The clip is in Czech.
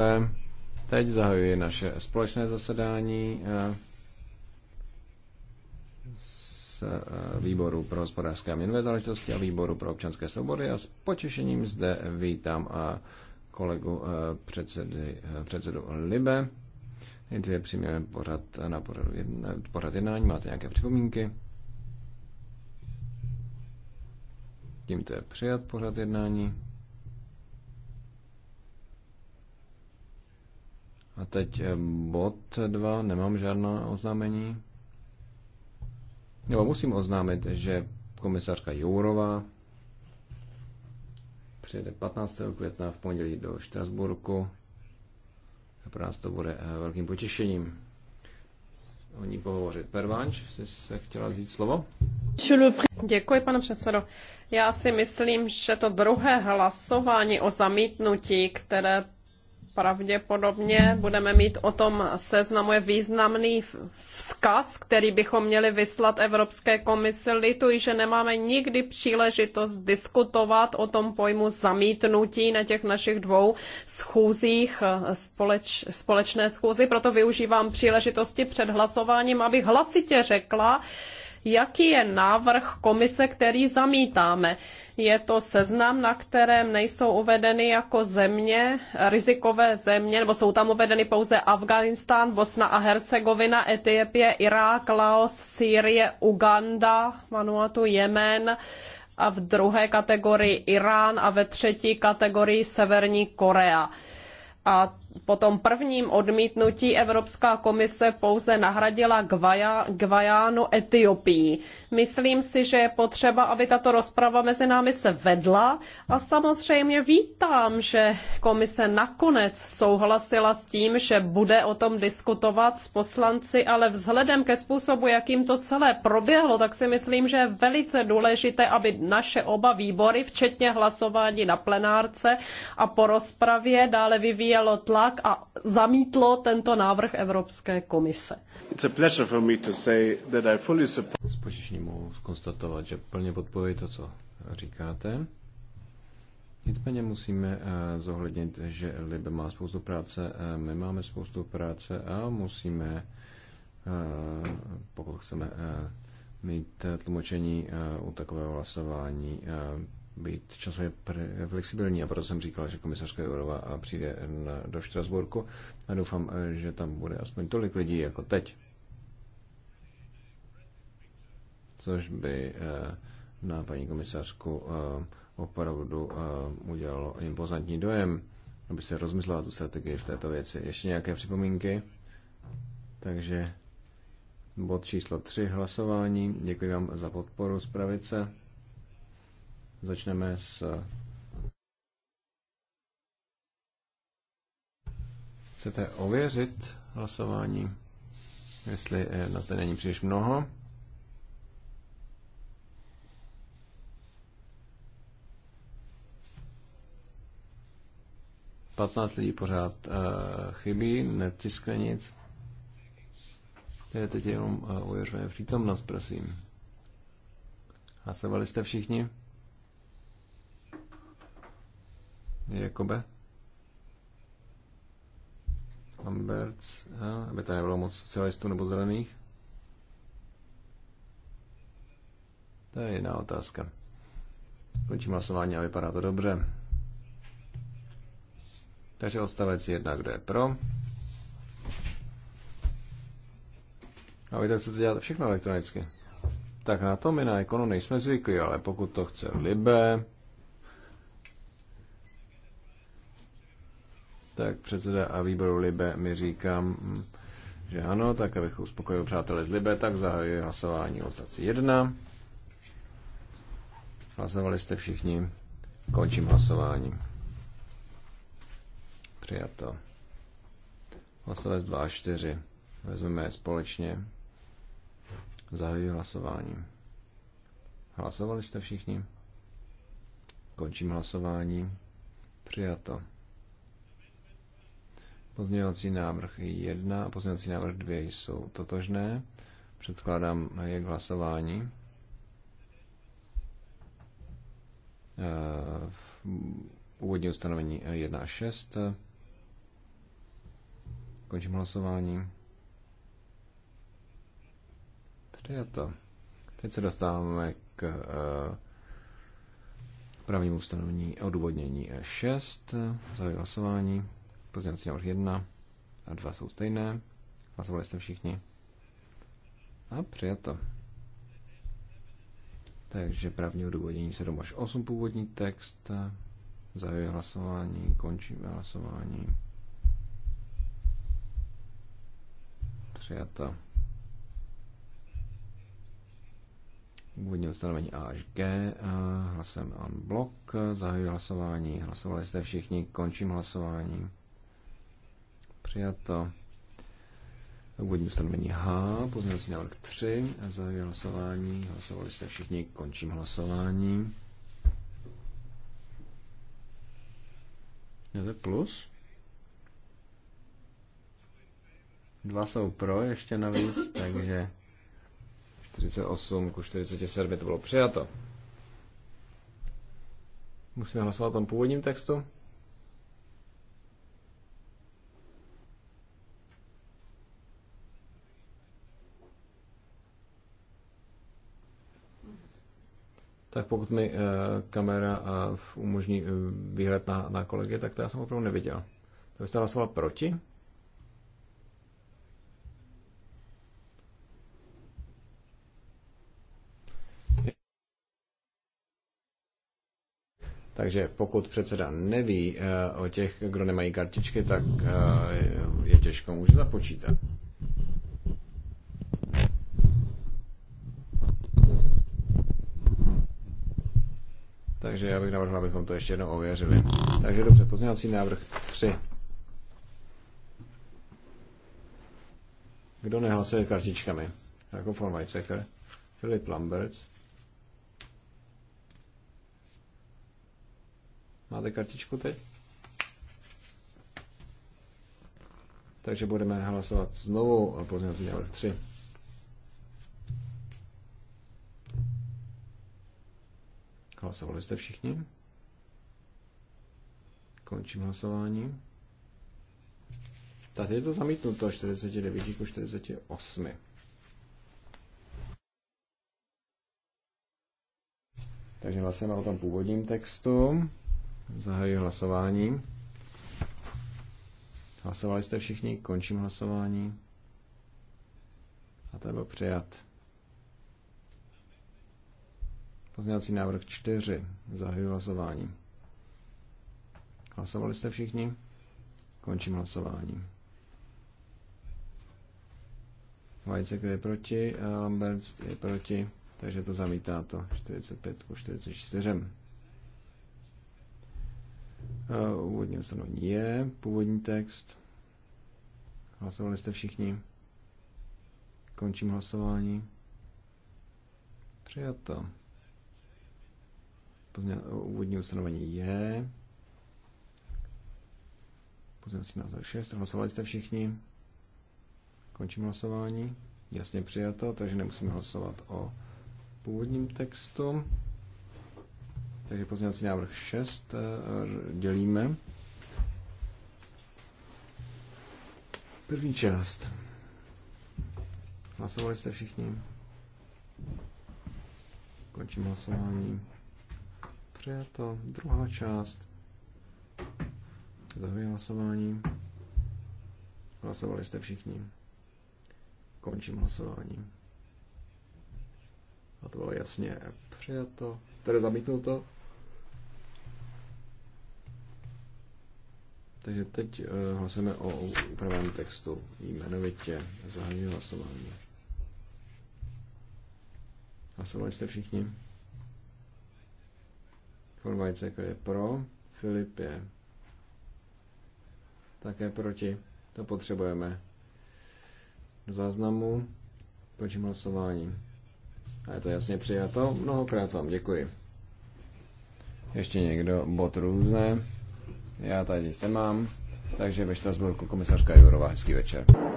E, teď zahajuji naše společné zasedání z e, e, výboru pro hospodářské a měnové záležitosti a výboru pro občanské svobody a s potěšením zde vítám a kolegu předsedy, předsedu Libe. Nejdříve přijmeme pořad, na pořad, pořad jednání. Máte nějaké připomínky? Tímto je přijat pořad jednání. A teď eh, bod 2, nemám žádná oznámení. Nebo musím oznámit, že komisařka Jourová přijede 15. května v pondělí do Štrasburku. A pro nás to bude eh, velkým potěšením o ní pohovořit. Pervánč, jsi se chtěla vzít slovo? Děkuji, pane předsedo. Já si myslím, že to druhé hlasování o zamítnutí, které pravděpodobně budeme mít o tom seznamu je významný vzkaz, který bychom měli vyslat Evropské komisi. Lituji, že nemáme nikdy příležitost diskutovat o tom pojmu zamítnutí na těch našich dvou schůzích, eh, společ, společné schůzi, proto využívám příležitosti před hlasováním, abych hlasitě řekla, Jaký je návrh komise, který zamítáme? Je to seznam, na kterém nejsou uvedeny jako země, rizikové země, nebo jsou tam uvedeny pouze Afganistán, Bosna a Hercegovina, Etiopie, Irák, Laos, Sýrie, Uganda, Vanuatu, Jemen, a v druhé kategorii Irán a ve třetí kategorii Severní Korea. A po tom prvním odmítnutí Evropská komise pouze nahradila Gvaja, Gvajánu Etiopii. Myslím si, že je potřeba, aby tato rozprava mezi námi se vedla a samozřejmě vítám, že komise nakonec souhlasila s tím, že bude o tom diskutovat s poslanci, ale vzhledem ke způsobu, jakým to celé proběhlo, tak si myslím, že je velice důležité, aby naše oba výbory, včetně hlasování na plenárce a po rozpravě dále vyvíjelo tlak tlak a zamítlo tento návrh Evropské komise. It's S potěšením mohu konstatovat, že plně podporuji to, co říkáte. Nicméně musíme eh, zohlednit, že Libe má spoustu práce, eh, my máme spoustu práce a musíme, eh, pokud chceme mít tlumočení u takového hlasování, být časově flexibilní a proto jsem říkal, že komisařka Jourova a přijde na, do Štrasburku a doufám, že tam bude aspoň tolik lidí jako teď. Což by eh, na paní komisařku eh, opravdu eh, udělalo impozantní dojem, aby se rozmyslela tu strategii v této věci. Ještě nějaké připomínky? Takže bod číslo 3 hlasování. Děkuji vám za podporu z pravice. Začneme s Chcete ověřit hlasování, jestli eh, na to není příliš mnoho? Patnáct lidí pořád uh, chybí, netiskne nic. To je teď jenom uh, ověřené přítomnost, prosím. Hlasovali jste všichni? Jakobe? Lamberts, aby tady nebylo moc socialistů nebo zelených. To je jiná otázka. Končím hlasování a vypadá to dobře. Takže odstavec jedna, kdo je pro. A vy to chcete dělat všechno elektronicky. Tak na to my na Ekonu nejsme zvyklí, ale pokud to chce Libe, tak předseda a výboru Libe mi říkám, mm, že ano, tak abych uspokojil přátelé z Libe, tak zahajuji hlasování o staci 1. Hlasovali jste všichni. Končím hlasování. Přijato. Hlasovec 2 a 4. Vezmeme je společně. Zahajuji hlasování. Hlasovali jste všichni? Končím hlasování. Přijato. Pozměňovací návrh 1 a pozměňovací návrh 2 jsou totožné. Předkládám je k hlasování. V eh, Úvodní ustanovení 1 a 6. Končím hlasování. Přijato. Teď se dostáváme k eh, pravnímu ustanovení odůvodnění 6. Zahajuji hlasování. Pozměňovací návrh 1 a 2 jsou stejné. Hlasovali jste všichni. A přijato. Takže právní odůvodnění 7 až 8 původní text. Zahajuje hlasování, končíme hlasování. Přijato. Původní ustanovení A až G. Hlasujeme on blok. Zahajuji hlasování. Hlasovali jste všichni. Končím hlasování. Přijato. Úvodní ustanovení H, pozměnací návrh 3, zahajuji hlasování, hlasovali jste všichni, končím hlasování. Je to plus? Dva jsou pro ještě navíc, takže 48 ku 47 to bylo přijato. Musíme hlasovat o tom původním textu. tak pokud mi eh, kamera eh, umožní eh, výhled na, na kolegy, tak to já jsem opravdu neviděl. Tak byste hlasoval proti? Takže pokud předseda neví o těch, kdo nemají kartičky, tak je těžko může započítat. Takže já bych navrhl, abychom to ještě jednou ověřili. Takže dobře, pozměňovací návrh 3. Kdo nehlasuje kartičkami? Jako Formajceker, Filip Lamberts. Máte kartičku teď? Takže budeme hlasovat znovu pozměňovací návrh 3. Hlasovali jste všichni? Končím hlasování. Tady je to zamítnuto 49 ku 48. Takže hlasujeme o tom původním textu. Zahajuji hlasování. Hlasovali jste všichni, končím hlasování. A to bylo přijat. Pozměňovací návrh 4. Zahajuji hlasování. Hlasovali jste všichni? Končím hlasování. Vajce, je proti, eh, Lamberts je proti, takže to zamítá to 45 ku 44. Eh, úvodní ustanovení je původní text. Hlasovali jste všichni. Končím hlasování. Přijato. Pozměn, úvodní ustanovení je. Pozměnací názor 6. Hlasovali jste všichni. Končím hlasování. Jasně přijato, takže nemusíme hlasovat o původním textu. Takže pozměňovací návrh 6 eh, dělíme. První část. Hlasovali jste všichni. Končím hlasování. Přijato. Druhá část. Zahajuji hlasování. Hlasovali jste všichni. Končím hlasování. A to bylo jasně přijato. Tedy to. Takže teď eh, hlasujeme o upraveném textu jmenovitě. Zahajuji hlasování. Hlasovali jste všichni? Formajce, Weizsäcker je pro. Filip je také proti. To potřebujeme. Do záznamu počím hlasování. A je to jasně přijato. Mnohokrát vám děkuji. Ještě někdo bod různé. Já tady se mám. Takže ve Štrasburku komisařka Jurová. Hezký večer.